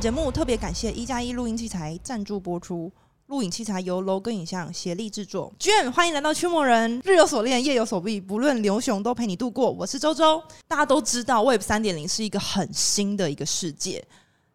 節目特別感謝壹加壹錄音器材贊助播出，錄影器材由樓格影像協力製作。卷歡迎來到區魔人。日有所戀夜有所備，不論流雄都陪你度過。我是周周。大家都知道，Web 三點零是一個很新的一個世界。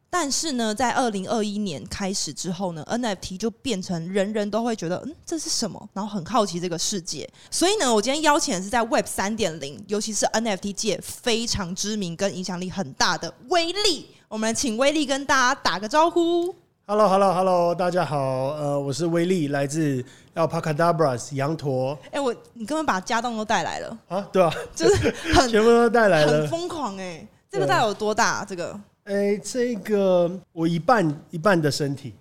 但是呢，在二零二一年開始之後呢，NFT 就變成人人都會覺得，嗯，這是什麼？然後很好奇這個世界。所以呢，我今天邀請的是在 Web 三點零，尤其是 NFT 界非常知名跟影響力很大的威力。我們請威力跟大家打個招呼。Hello，Hello，Hello，hello, hello, 大家好，呃，我是威力，來自 Alpacadabras 羊駝。哎、欸，我你根本把家當都帶來了啊？對啊，就是很 全部都帶來了，很瘋狂哎、欸！這個大概有多大、啊？這個？哎、欸，這個我一半一半的身體。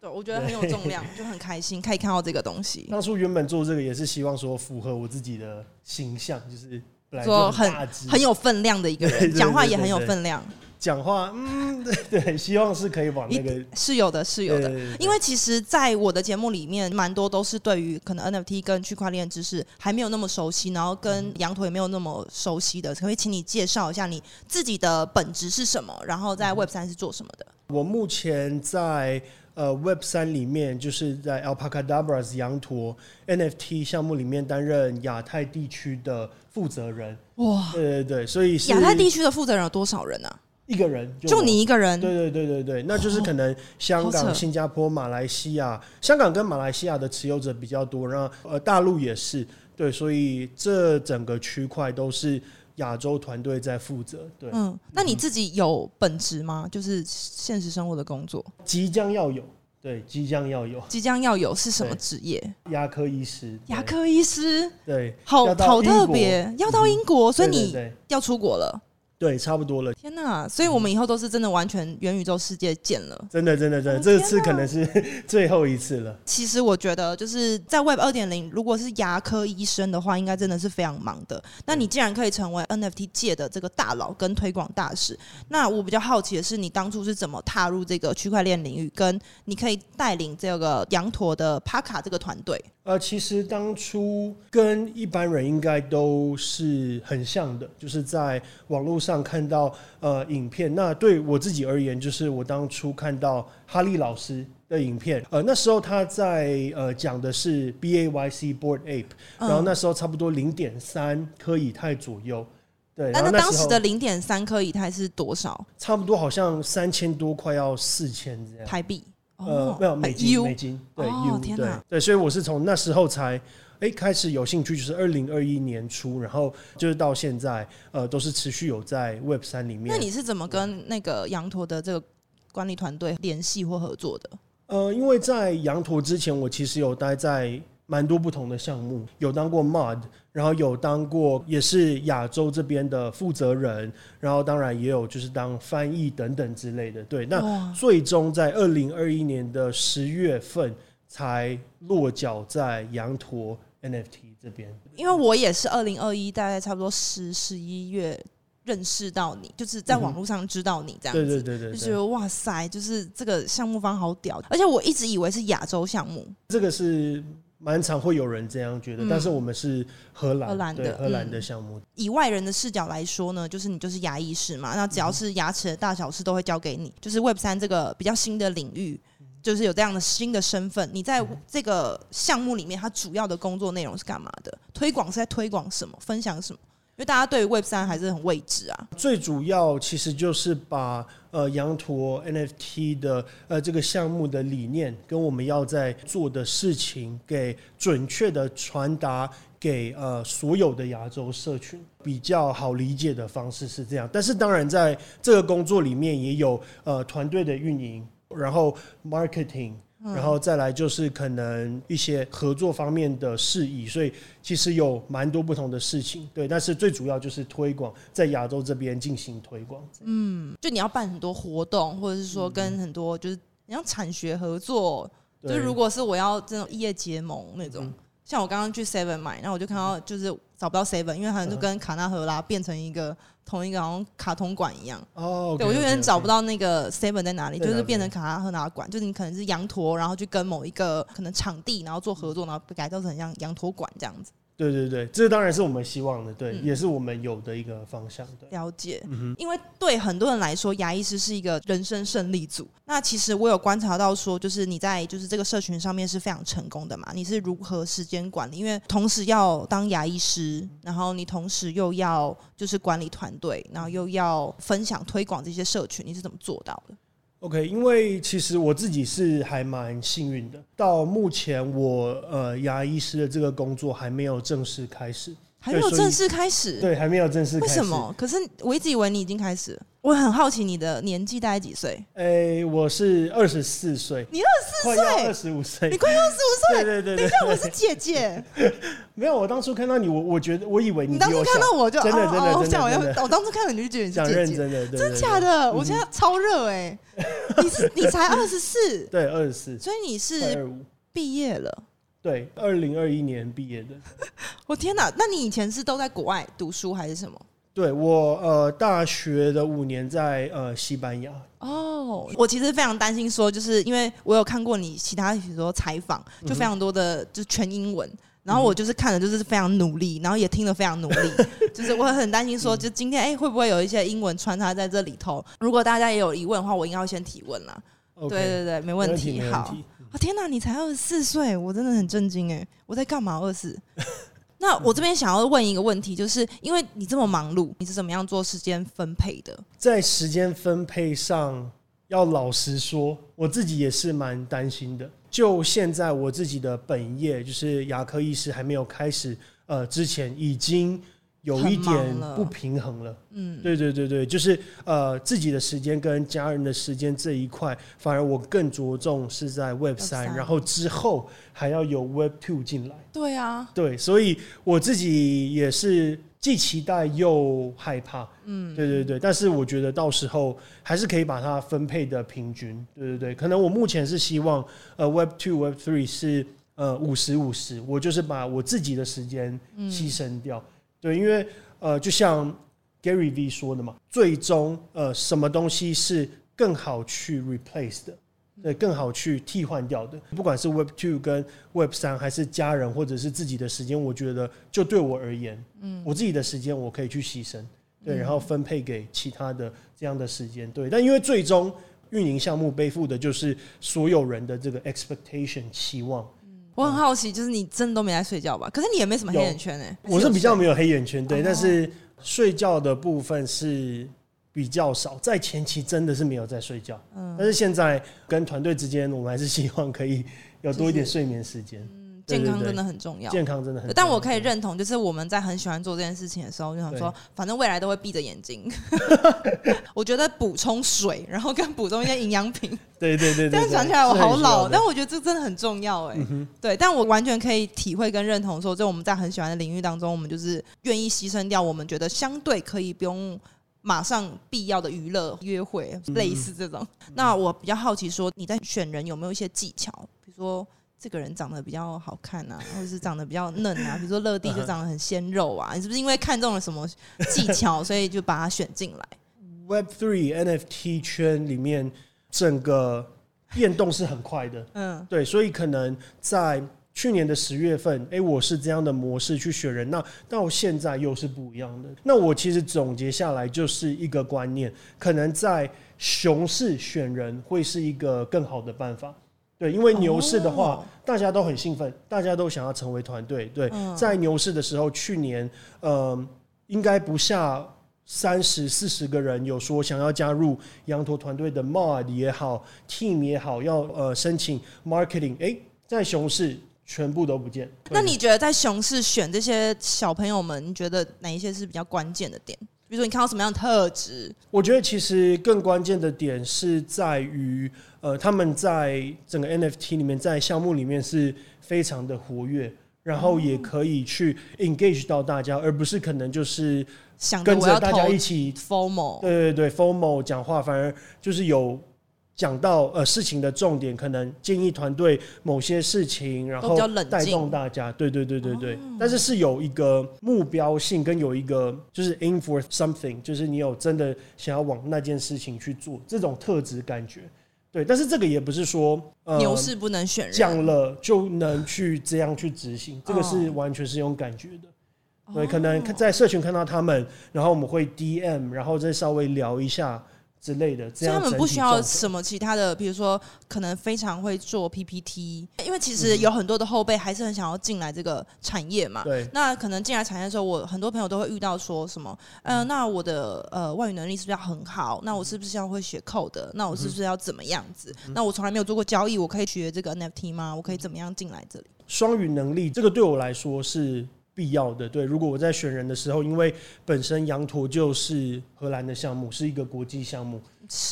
對，我覺得很有重量，就很開心，可 以看，看到這個東西。當初原本做這個也是希望說符合我自己的形象，就是做很大很，很有分量的一個人，講話也很有分量。對對對對講話嗯，對，對希望是可以往那個是有的是有的、有的對對對對。因為其實，在我的節目裡面，蠻多都是對於可能 NFT 跟區塊鏈知識還沒有那麼熟悉，然後跟羊駝也沒有那麼熟悉的，嗯、可以請你介紹一下你自己的本職是什麼？然後在 Web 三是做什麼的？我目前在呃 Web 三裡面，就是在 Alpacadabraz 羊駝 NFT 項目裡面擔任亞太地區的負責人。哇，對對對，所以亞太地區的負責人有多少人呢、啊？一個人就，對對對對對對，就你一個人，對對對對對，那就是可能香港、哦、新加坡、馬來西亞，香港跟馬來西亞的持有者比較多，然後呃，大陸也是，對，所以這整個區塊都是亞洲團隊在負責。對，嗯，那你自己有本職嗎、嗯？就是現實生活的工作？即將要有，對，即將要有，即將要有是什麼職業？牙科醫師，牙科醫師，對，好好特別、嗯，要到英國，所以你對對對要出國了。對，差不多了。天哪、啊！所以我們以後都是真的完全元宇宙世界見了。嗯、真的，真的，真的、啊。這次可能是最後一次了。其實我覺得就是在 Web 二點零，如果是牙科醫生的話，應該真的是非常忙的。那你既然可以成為 NFT 界的這個大佬跟推廣大使，那我比較好奇的是，你當初是怎麼踏入這個區塊鏈領域，跟你可以帶領這個羊駝的帕卡這個團隊？呃，其實當初跟一般人應該都是很像的，就是在網絡上看到呃影片。那對我自己而言，就是我當初看到哈利老師的影片。呃，那時候他在呃講的是 B A Y C Bored Ape，然後那時候差不多零點三顆以太左右。對，然後那當時的零點三顆以太是多少？差不多好像三千多，快要四千台幣。Oh, 呃，沒有美金，欸 you? 美金對、oh, you, 天，對，對，所以我是從那時候才哎開始有興趣，就是二零二一年初，然後就是到現在，呃，都是持續有在 Web 三裡面。那你是怎麼跟那個羊駝的這個管理團隊聯繫或合作的？呃，因為在羊駝之前，我其實有待在。蠻多不同的項目，有當過 MOD，然後有當過也是亞洲這邊的負責人，然後當然也有就是當翻譯等等之類的。對，那最終在二零二一年的十月份才落腳在羊駝 NFT 這邊。因為我也是二零二一，大概差不多十十一月認識到你，就是在網絡上知道你這樣子，嗯、對對對對，對，就覺得哇塞，就是這個項目方好屌，而且我一直以為是亞洲項目，這個是。蠻常會有人這樣覺得，嗯、但是我們是荷蘭，荷蘭的荷蘭的項目、嗯。以外人的視角來說呢，就是你就是牙醫師嘛，那只要是牙齒的大小事都會交給你。嗯、就是 Web 三這個比較新的領域，就是有這樣的新的身份。你在這個項目裡面、嗯，它主要的工作內容是幹嘛的？推廣是在推廣什麼？分享什麼？因為大家對 Web 三還是很未知啊，最主要其實就是把呃羊駝 NFT 的呃這個項目的理念跟我們要在做的事情，給準確的傳達給呃所有的亞洲社群，比較好理解的方式是這樣。但是當然在這個工作裡面也有呃團隊的運營，然後 marketing。嗯、然後再來就是可能一些合作方面的事宜，所以其實有蠻多不同的事情，對。但是最主要就是推廣在亞洲這邊進行推廣。嗯，就你要辦很多活動，或者是說跟很多就是你要產學合作，對。就如果是我要這種異業結盟那種。嗯像我剛剛去 Seven 買，然後我就看到就是找不到 Seven，因為好像就跟卡納赫拉變成一個同一個，好像卡通館一樣。哦，oh, okay,okay, okay. 對，我就有點找不到那個 Seven 在哪裡，哪裡就是變成卡納赫拉館，就是你可能是羊駝，然後去跟某一個可能場地，然後做合作，然後被改造成很像羊駝館這樣子。對對對，這當然是我們希望的，對，嗯，也是我們有的一個方向。對。了解。嗯哼，因為對很多人來說，牙醫師是一個人生勝利組。那其實我有觀察到說，就是你在就是這個社群上面是非常成功的嘛？你是如何時間管理？因為同時要當牙醫師，然後你同時又要就是管理團隊，然後又要分享推廣這些社群，你是怎麼做到的？OK，因為其實我自己是還蠻幸運的，到目前我呃牙醫師的這個工作還沒有正式開始。還沒有正式開始，對，對，還沒有正式開始。為什麼？可是我一直以為你已經開始。我很好奇你的年紀大概幾歲？誒、欸，我是二十四歲。你二十四歲，二十五歲，你快二十五歲。對對對，對，等一下我是姐姐。對對對對 沒有，我當初看到你，我我覺得我以為你。你當初看到我就 真的真的想我，我要。我當初看到你，就覺得你是姐姐，想認真的，真假的，我現在超熱誒、欸。 你是你才二十四，對二十四，所以你是畢業了。對，二零二一年畢業的。 我天哪！那你以前是都在國外讀書還是什麼？對，我呃，大學的五年在呃西班牙。哦、oh,，我其實非常擔心，說就是因為我有看過你其他許多採訪，就非常多的就全英文，嗯，然後我就是看了就是非常努力，然後也聽得非常努力，嗯、就是我很擔心說，就今天哎、欸、會不會有一些英文穿插在這裡頭？ 如果大家也有疑問的話，我應該要先提問了。Okay, 對對對，沒問題，問題，好。啊，天哪，你才二十四歲，我真的很震驚哎！我在幹嘛二十四？ 那我這邊想要問一個問題，就是因為你這麼忙碌，你是怎麼樣做時間分配的？在時間分配上，要老實說，我自己也是蠻擔心的。就現在我自己的本業，就是牙科醫師，還沒有開始。呃，之前已經。有一點不平衡了，嗯，對對對對，就是呃自己的時間跟家人的時間這一塊，反而我更着重是在 Web 三，然後之後還要有 Web two 進來，對啊，對，所以我自己也是既期待又害怕，嗯，對對對，但是我覺得到時候還是可以把它分配的平均，對對對，可能我目前是希望呃 Web two Web three 是呃五十五十，我就是把我自己的時間犧牲掉。對，因為呃，就像 Gary V 說的嘛，最終呃，什麼東西是更好去 replace 的，對，更好去替換掉的，不管是 Web 2跟 Web 3，還是家人或者是自己的時間，我覺得就對我而言，嗯，我自己的時間我可以去犧牲，對，然後分配給其他的這樣的時間，對。但因為最終運營項目背負的就是所有人的這個 expectation 期望。我很好奇，就是你真的都沒在睡覺吧？可是你也沒什麼黑眼圈哎、欸。我是比較沒有黑眼圈，對，但是睡覺的部分是比較少，在前期真的是沒有在睡覺，嗯，但是現在跟團隊之間，我們還是希望可以有多一點睡眠時間。對對對，健康真的很重要，對對對，健康真的很。但我可以認同，就是我們在很喜歡做這件事情的時候，就想說，反正未來都會閉着眼睛。 我覺得補充水，然後跟補充一些營養品。對對對，對對對。這樣想起來，我好老。但我覺得這真的很重要、欸，哎、嗯。對，但我完全可以體會跟認同說，說就我們在很喜歡的領域當中，我們就是願意犧牲掉我們覺得相對可以不用馬上必要的娛樂、約會、嗯，類似這種、嗯。那我比較好奇說，說你在選人有沒有一些技巧，比如說？這個人長得比較好看啊，或者是長得比較嫩啊，比如說樂蒂就長得很鮮肉啊。Uh -huh. 你是不是因為看中了什麼技巧， 所以就把他選進來？Web three NFT 圈裡面，整個變動是很快的。嗯， 對，所以可能在去年的十月份，哎、欸，我是這樣的模式去選人，那到現在又是不一樣的。那我其實總結下來就是一個觀念，可能在熊市選人會是一個更好的辦法。對，因為牛市的話，oh, 大家都很興奮，大家都想要成為團隊。對，oh. 在牛市的時候，去年，嗯、呃，應該不下三十四十個人有說想要加入羊駝團隊的 Mod 也好，Team 也好，要呃申請 Marketing、欸。哎，在熊市，全部都不見。那你覺得在熊市選這些小朋友們，你覺得哪一些是比較關鍵的點？比如說，你看到什麼樣的特質？我覺得其實更關鍵的點是在於，呃，他們在整個 NFT 裡面，在項目裡面是非常的活躍，然後也可以去 engage 到大家，而不是可能就是想跟着大家一起 FOMO。對對對，FOMO 講話反而就是有。講到呃事情的重點，可能建議團隊某些事情，然後帶動大家。對對對對對、哦。但是是有一個目標性跟有一個就是 aim for something，就是你有真的想要往那件事情去做這種特質感覺。對，但是這個也不是說、呃、牛市不能選人，降了就能去這樣去執行、哦，這個是完全是用感覺的。對、哦，可能在社群看到他們，然後我們會 DM，然後再稍微聊一下。之類的，這樣，所以他們不需要什麼其他的，比如說可能非常會做 PPT，因為其實有很多的後輩還是很想要進來這個產業嘛。對，那可能進來產業的時候，我很多朋友都會遇到說什麼，嗯、呃，那我的呃外語能力是不是要很好？那我是不是要會寫 code？那我是不是要怎麼樣子？那我從來沒有做過交易，我可以學這個 NFT 嗎？我可以怎麼樣進來這裡？雙語能力，這個對我來說是必要的，對，如果我在選人的時候，因為本身羊駝就是荷蘭的項目，是一個國際項目，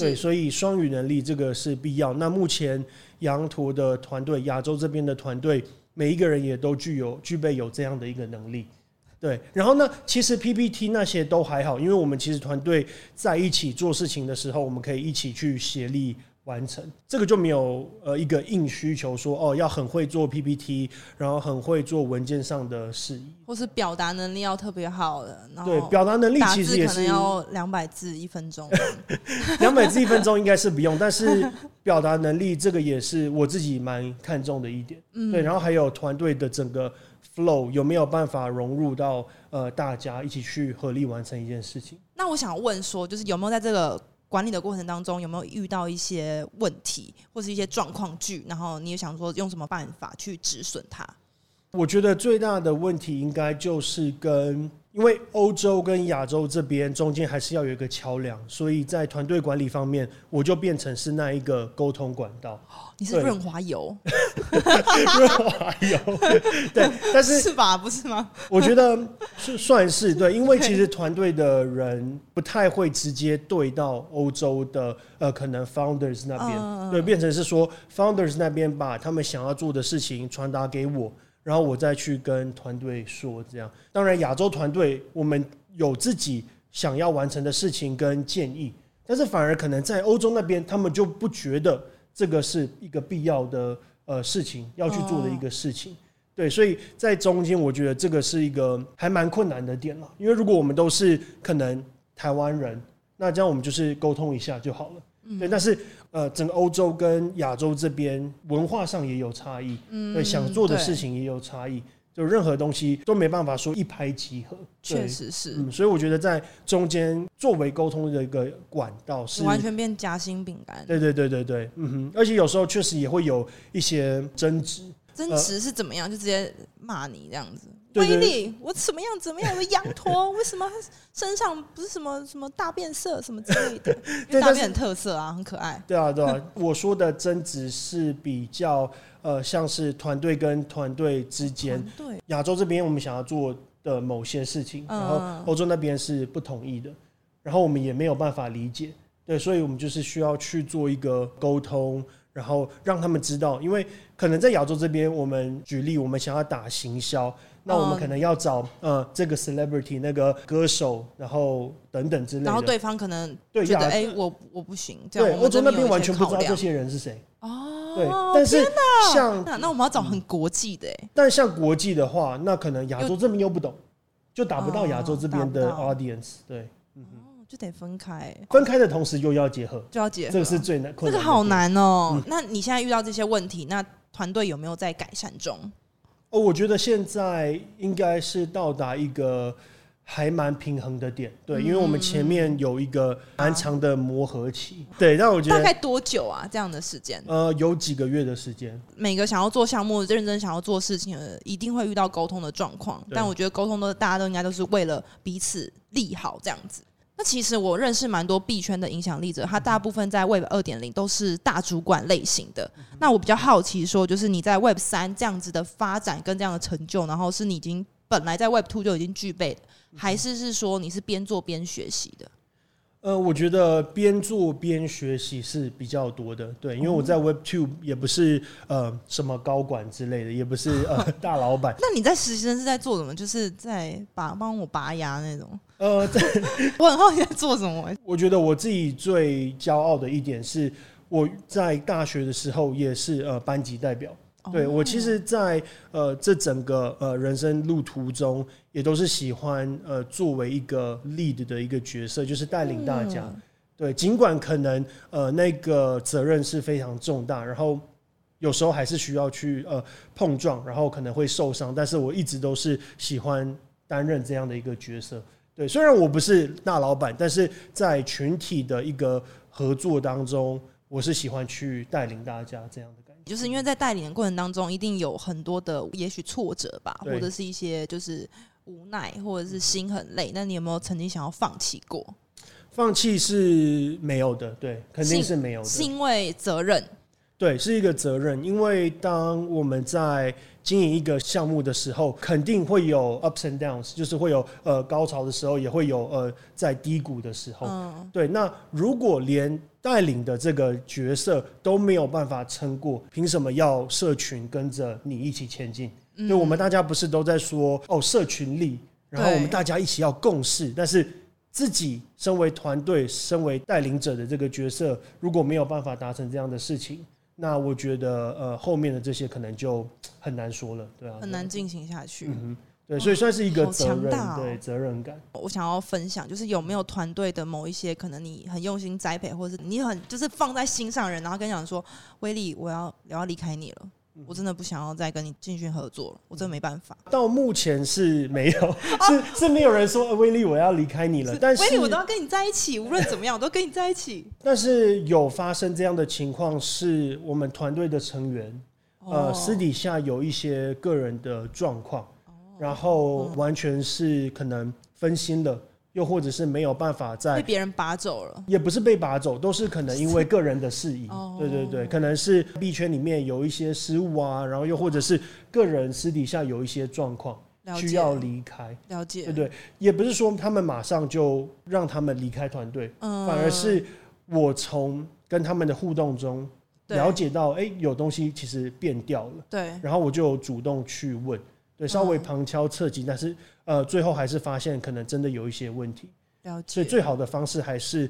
對，所以雙語能力這個是必要。那目前羊駝的團隊，亞洲這邊的團隊，每一個人也都具有具備有這樣的一個能力。對，然後呢，其實 PPT 那些都還好，因為我們其實團隊在一起做事情的時候，我們可以一起去協力。完成這個，就沒有呃一個硬需求說哦要很會做 PPT，然後很會做文件上的事宜，或是表達能力要特別好的。對，表達能力其實也是可能要兩百字一分鐘，兩 百字一分鐘應該是不用， 但是表達能力這個也是我自己蠻看重的一點，嗯。對，然後還有團隊的整個 flow 有沒有辦法融入到呃大家一起去合力完成一件事情？那我想問說，就是有沒有在這個。管理的過程當中，有沒有遇到一些問題或是一些狀況劇？然後你也想說用什麼辦法去止損它？我覺得最大的問題應該就是跟。因為歐洲跟亞洲這邊中間還是要有一個橋樑，所以在團隊管理方面，我就變成是那一個溝通管道。哦，你是潤滑油，潤滑油，對， 滑油 對 對，但是是吧？不是嗎？我覺得是算是對，因為其實團隊的人不太會直接對到歐洲的呃，可能 founders 那邊，uh... 對，變成是說 founders 那邊把他們想要做的事情傳達給我。然後我再去跟團隊說，這樣。當然，亞洲團隊我們有自己想要完成的事情跟建議，但是反而可能在歐洲那邊，他們就不覺得這個是一個必要的呃事情要去做的一個事情。對，所以在中間，我覺得這個是一個還蠻困難的點了，因為如果我們都是可能台灣人，那這樣我們就是溝通一下就好了。對，但是。呃，整個歐洲跟亞洲這邊文化上也有差異，嗯，對，想做的事情也有差異，就任何東西都沒辦法說一拍即合，確實是。嗯，所以我覺得在中間作為溝通的一個管道是完全變夾心餅乾，對對對對對，嗯哼，而且有時候確實也會有一些爭執。爭執是怎麼樣？就直接罵你這樣子，威力我怎麼樣怎麼樣？我羊駝為什麼身上不是什麼什麼大便色？什麼之類的？因為大便很特色啊，很可愛。對啊，對啊。我說的爭執是比較呃，像是團隊跟團隊之間，對亞洲這邊我們想要做的某些事情，然後歐洲那邊是不同意的，然後我們也沒有辦法理解，對，所以我們就是需要去做一個溝通，然後讓他們知道，因為。可能在亞洲這邊，我們舉例，我們想要打行銷，那我們可能要找、uh, 呃這個 celebrity 那個歌手，然後等等之類的。然後對方可能覺得，哎、欸，我我不行，這樣這。對，我覺得那邊完全不知道這些人是誰？哦、oh,。對。天哪。像那我們要找很國際的哎、嗯。但像國際的話，那可能亞洲這邊又不懂，就打不到亞洲這邊的 audience、oh,。對。哦、嗯，就得分開。分開的同時又要結合，就要結合。這個是最難。這個好難哦、喔嗯。那你現在遇到這些問題，那。團隊有沒有在改善中？哦，我覺得現在應該是到達一個還蠻平衡的點，對，嗯，因為我們前面有一個蠻長的磨合期，對，讓我覺得大概多久啊？這樣的時間？呃，有幾個月的時間。每個想要做項目、認真想要做事情的，一定會遇到溝通的狀況，但我覺得溝通都大家都應該都是為了彼此利好這樣子。那其實我認識蠻多幣圈的影響力者，他大部分在 Web 二點零都是大主管類型的。那我比較好奇說，就是你在 Web 三這樣子的發展跟這樣的成就，然後是你已經本來在 Web 2就已經具備的，還是是說你是邊做邊學習的？呃，我覺得邊做邊學習是比較多的。對，因為我在 Web 2也不是呃什麼高管之類的，也不是呃大老板。 那你在實習生是在做什麼？就是在拔幫我拔牙那種。呃， 我很好奇你在做什麼。我覺得我自己最驕傲的一點是，我在大學的時候也是呃班級代表。對，我其實在呃這整個呃人生路途中，也都是喜歡呃作為一個 lead 的一個角色，就是帶領大家。對，儘管可能呃那個責任是非常重大，然後有時候還是需要去呃碰撞，然後可能會受傷，但是我一直都是喜歡擔任這樣的一個角色。對，雖然我不是大老闆，但是在群體的一個合作當中，我是喜歡去帶領大家這樣的感覺。就是因為在帶領的過程當中，一定有很多的也許挫折吧，或者是一些就是無奈，或者是心很累。嗯。那你有沒有曾經想要放棄過？放棄是沒有的，對，肯定是沒有的。是因為責任。對，是一個責任。因為當我們在經營一個項目的時候，肯定會有 ups and downs，就是會有呃高潮的時候，也會有呃在低谷的時候、哦。對，那如果連帶領的這個角色都沒有辦法撐過，憑什麼要社群跟着你一起前進？就、嗯、我們大家不是都在說哦，社群力，然後我們大家一起要共事，但是自己身為團隊、身為帶領者的這個角色，如果沒有辦法達成這樣的事情。那我覺得，呃，後面的這些可能就很難說了，對啊，對很難進行下去。嗯哼，對，所以算是一個責任，哦好強大啊，對責任感。我想要分享，就是有沒有團隊的某一些，可能你很用心栽培，或者是你很就是放在心上的人，然後跟你講說，威力，我要我要離開你了。我真的不想要再跟你繼續合作了，我真的沒辦法。到目前是沒有、啊，是是沒有人說，威力我要離開你了。但是，威力，我都要跟你在一起，無論怎麼樣，我都跟你在一起 。但是有發生這樣的情況，是我們團隊的成員，呃，私底下有一些個人的狀況，然後完全是可能分心的。又或者是沒有辦法再被別人拔走了，也不是被拔走，都是可能因為個人的事宜。對對對，可能是幣圈裡面有一些失誤啊，然後又或者是個人私底下有一些狀況需要離開。了解，對對，也不是說他們馬上就讓他們離開團隊，反而是我從跟他們的互動中了解到，哎，有東西其實變掉了。對，然後我就主動去問，對，稍微旁敲側擊，但是。呃，最後還是發現可能真的有一些問題，了解，所以最好的方式還是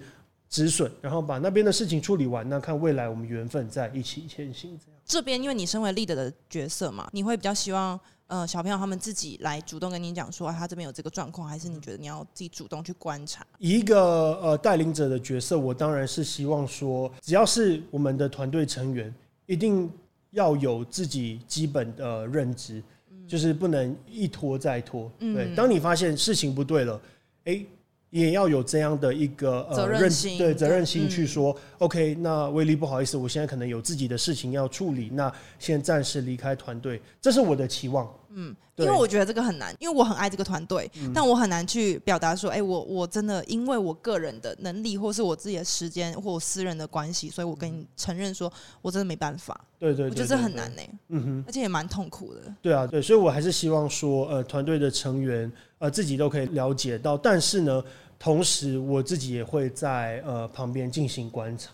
止損，然後把那邊的事情處理完，那看未來我們緣分再一起前行這樣。這這邊，因為你身為 leader 的角色嘛，你會比較希望呃小朋友他們自己來主動跟你講說他這邊有這個狀況，還是你覺得你要自己主動去觀察？一個呃帶領者的角色，我當然是希望說，只要是我們的團隊成員，一定要有自己基本的、呃、認知。就是不能一拖再拖，嗯，對。當你發現事情不對了，誒，欸，也要有這樣的一個呃責任心，對責任心去說，嗯，OK。那威力不好意思，我現在可能有自己的事情要處理，那先暫時離開團隊，這是我的期望。嗯，因為我覺得這個很難，因為我很愛這個團隊、嗯，但我很難去表達說，哎、欸，我我真的因為我個人的能力，或是我自己的時間，或私人的關係，所以我跟你承認說我真的沒辦法。對、嗯、對，我覺得這很難呢、欸。嗯哼，而且也蠻痛苦的。對啊，對，所以我還是希望說，呃，團隊的成員呃自己都可以了解到，但是呢，同時我自己也會在呃旁邊進行觀察。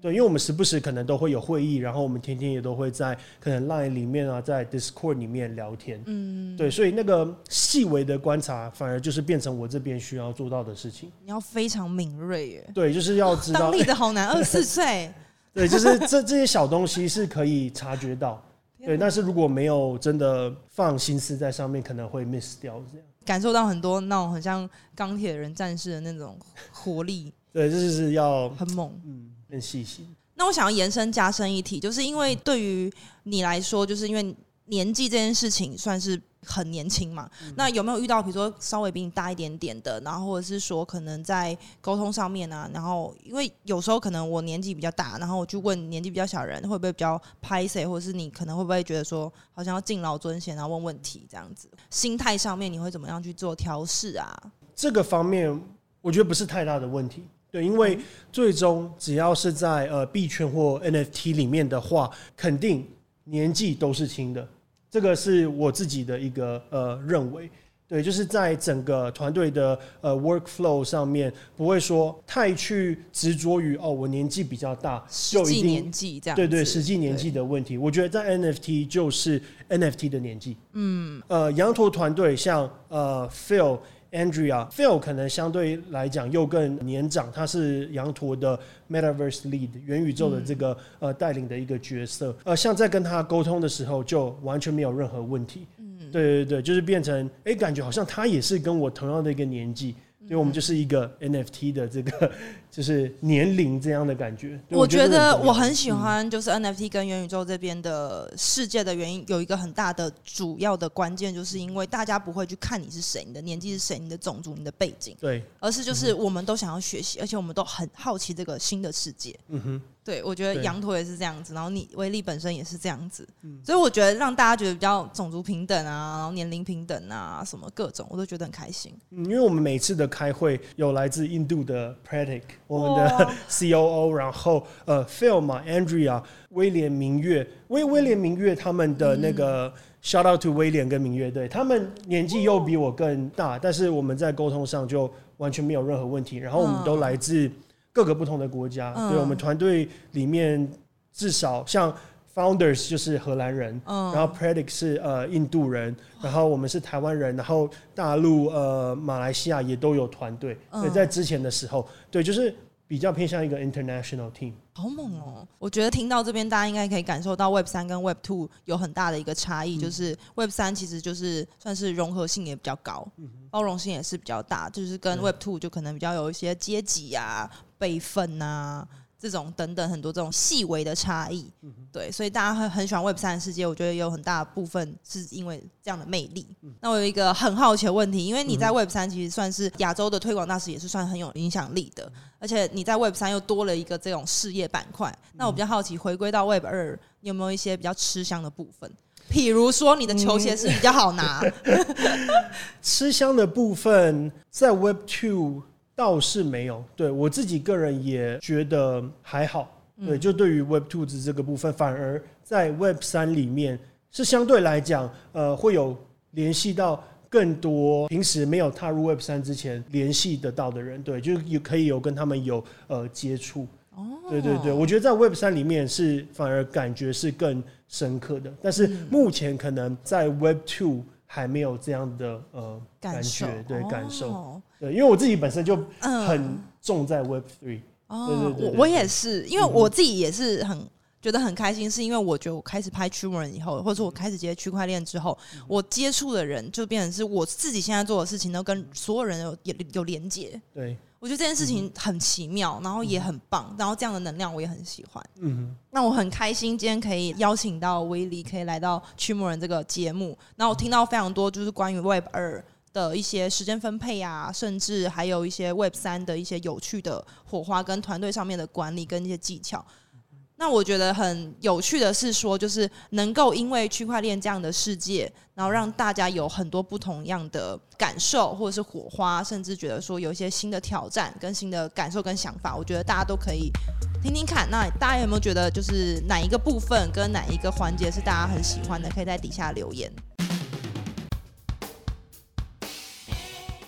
對，因為我們時不時可能都會有會議，然後我們天天也都會在可能 Line 裡面啊，在 Discord 裡面聊天。嗯，對，所以那個細微的觀察，反而就是變成我這邊需要做到的事情。你要非常敏銳耶。對，就是要知道。哦、當地的好男二四歲。 對，就是這這些小東西是可以察覺到。 對，但是如果沒有真的放心思在上面，可能會 miss 掉這樣。感受到很多那種很像鋼鐵人戰士的那種活力。對，就是要很猛。嗯。更細心。那我想要延伸加深一題，就是因為對於你來說，就是因為年紀這件事情，算是很年輕嘛，嗯。那有沒有遇到，比如說稍微比你大一點點的，然後或者是說可能在溝通上面啊。然後因為有時候可能我年紀比較大，然後我去問年紀比較小的人，會不會比較拍謝，或者是你可能會不會覺得說好像要敬老尊賢，然後問問題這樣子，心態上面你會怎麼樣去做調試啊？這個方面，我覺得不是太大的問題。對，因為最終只要是在呃幣圈、或 NFT 裡面的話，肯定年紀都是輕的，這個是我自己的一個呃認為。對，就是在整個團隊的呃 workflow 上面，不會說太去執着於哦，我年紀比較大，就一定實際年紀這樣。對對，實際年紀的問題，我覺得在 NFT 就是 NFT 的年紀。嗯，呃，羊駝團隊像呃 Phil。Andrea，Phil 可能相對來講又更年長，他是羊駝的 Metaverse Lead 元宇宙的這個呃帶領的一個角色，呃，像在跟他溝通的時候就完全沒有任何問題，嗯，對對對，就是變成哎、欸，感覺好像他也是跟我同樣的一個年紀，因為我們就是一個 NFT 的這個。就是年齡這樣的感覺，我覺得，我覺得我很喜歡，就是 NFT 跟元宇宙這邊的世界的原因，有一個很大的主要的關鍵，就是因為大家不會去看你是誰，你的年紀是誰，你的種族、你的背景。對。而是就是我們都想要學習、嗯，而且我們都很好奇這個新的世界。嗯哼。對我覺得羊駝也是這樣子，然後你威力本身也是這樣子、嗯，所以我覺得讓大家覺得比較種族平等啊，然後年齡平等啊，什麼各種，我都覺得很開心。嗯，因為我們每次的開會有來自印度的 Prateek 我們的 COO，oh. 然後呃，Phil 嘛，Andrea，威廉明月，威威廉明月，他們的那個 shout out to 威廉跟明月，對，他們年紀又比我更大，oh. 但是我們在溝通上就完全沒有任何問題。然後我們都來自各個不同的國家，oh. 對，我們團隊裡面至少像。Founders 就是荷蘭人、嗯，然後 Predic 是呃印度人、嗯，然後我們是台灣人，然後大陸呃馬來西亞也都有團隊、嗯。所以在之前的時候，對，就是比較偏向一個 international team。好猛哦、喔！我覺得聽到這邊，大家應該可以感受到 Web 三跟 Web two 有很大的一個差異，就是 Web 三其實就是算是融合性也比較高，包容性也是比較大，就是跟 Web two 就可能比較有一些階級呀、啊、輩分吶。這種等等很多這種細微的差異、嗯，對，所以大家很,很喜歡 Web 三的世界。我覺得有很大部分是因為這樣的魅力、嗯。那我有一個很好奇的問題，因為你在 Web 三其實算是亞洲的推廣大使，也是算很有影響力的、嗯。而且你在 Web 三又多了一個這種事業板塊、嗯。那我比較好奇，回歸到 Web 二，你有沒有一些比較吃香的部分？比如說你的球鞋是比較好拿。嗯、 吃香的部分在 Web Two。倒是沒有，對，我自己個人也覺得還好。對，就對於 Web2 這個部分，反而在 Web3 裡面是相對來講，呃，會有聯繫到更多平時沒有踏入 Web3 之前聯繫得到的人。對，就有可以有跟他們有呃接觸。對對對，我覺得在 Web3 裡面是反而感覺是更深刻的，但是目前可能在 Web2。還沒有這樣的呃感，感覺，對、哦、感受，對，因為我自己本身就很重在 Web Three，嗯、對對對，對，我我也是，因為我自己也是很。覺得很開心，是因為我覺得我開始拍《區魔人》以後，或者我開始接觸區塊鏈之後，嗯、我接觸的人就變成是我自己現在做的事情都跟所有人有有有連接。對，我覺得這件事情很奇妙、嗯，然後也很棒，然後這樣的能量我也很喜歡。嗯，那我很開心今天可以邀請到威力，可以來到《區魔人》這個節目，然後我聽到非常多就是關於 Web 二的一些時間分配啊，甚至還有一些 Web 三的一些有趣的火花，跟團隊上面的管理跟一些技巧。那我覺得很有趣的是說，就是能夠因為區塊鏈這樣的世界，然後讓大家有很多不同樣的感受，或者是火花，甚至覺得說有一些新的挑戰，跟新的感受跟想法。我覺得大家都可以聽聽看。那大家有沒有覺得，就是哪一個部分跟哪一個環節是大家很喜歡的？可以在底下留言。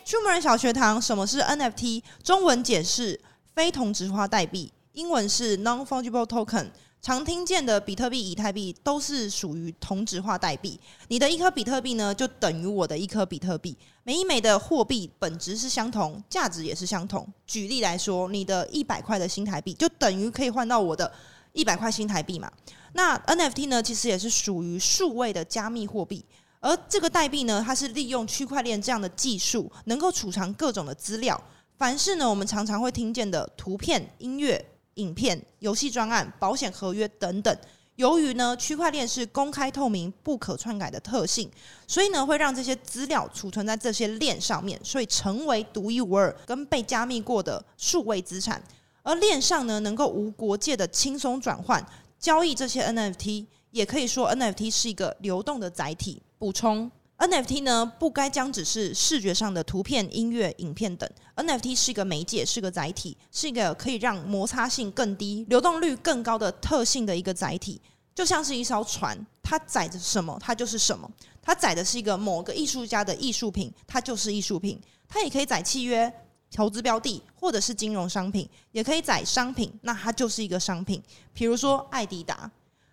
區魔 人小學堂：什麼是 NFT？中文解釋：非同質化代幣。英文是 Non-fungible token，常聽見的比特幣、以太幣都是屬於同質化代幣。你的一顆比特幣呢，就等於我的一顆比特幣，每一枚的貨幣本質是相同，價值也是相同。舉例來說，你的一百塊的新台幣，就等於可以換到我的一百塊新台幣嘛？那 NFT 呢，其實也是屬於數位的加密貨幣，而這個代幣呢，它是利用區塊鏈這樣的技術，能夠儲藏各種的資料。凡是呢，我們常常會聽見的圖片、音樂。影片、遊戲專案、保險合約等等。由於呢，區塊鏈是公開透明、不可篡改的特性，所以呢，會讓這些資料儲存在這些鏈上面，所以成為獨一無二、跟被加密過的數位資產。而鏈上呢，能夠無國界的輕鬆轉換交易這些 NFT，也可以說 NFT 是一個流動的載體。補充。NFT 呢，不該講只是視覺上的圖片、音樂、影片、等。NFT 是一個媒介，是一個載體，是一個可以讓摩擦性更低、流動率更高的特性的一個載體。就像是一艘船，它載着什麼，它就是什麼。它載的是一個某個藝術家的藝術品，它就是藝術品。它也可以載契約、投資標的，或者是金融商品，也可以載商品，那它就是一個商品。比如說，愛迪達，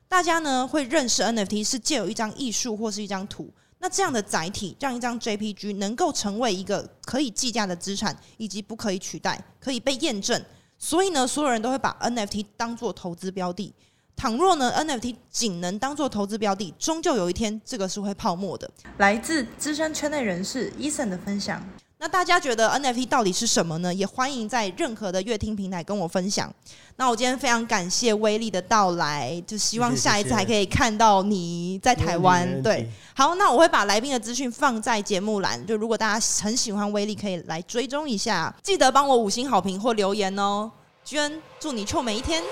大家呢會認識 NFT 是藉由一張藝術或是一張圖。那這樣的載體，讓一張 JPG 能夠成為一個可以計價的資產，以及不可以取代、可以被驗證。所以呢，所有人都會把 NFT 當做投資標的。倘若呢，NFT 僅能當做投資標的，終究有一天這個是會泡沫的。來自資深圈內人士 Eason 的分享。那大家覺得 NFT 到底是什麼呢？也歡迎在任何的樂聽平台跟我分享。那我今天非常感謝威力的到來，就希望下一次還可以看到你在台灣。謝謝謝謝對，好，那我會把來賓的資訊放在節目欄，就如果大家很喜歡威力，可以來追蹤一下，記得幫我五星好評或留言哦。娟，祝你臭美一天。